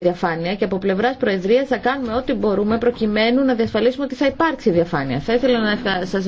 διαφάνεια και από πλευρά Προεδρία θα κάνουμε ό,τι μπορούμε προκειμένου να διασφαλίσουμε ότι θα υπάρξει διαφάνεια. Θα ήθελα να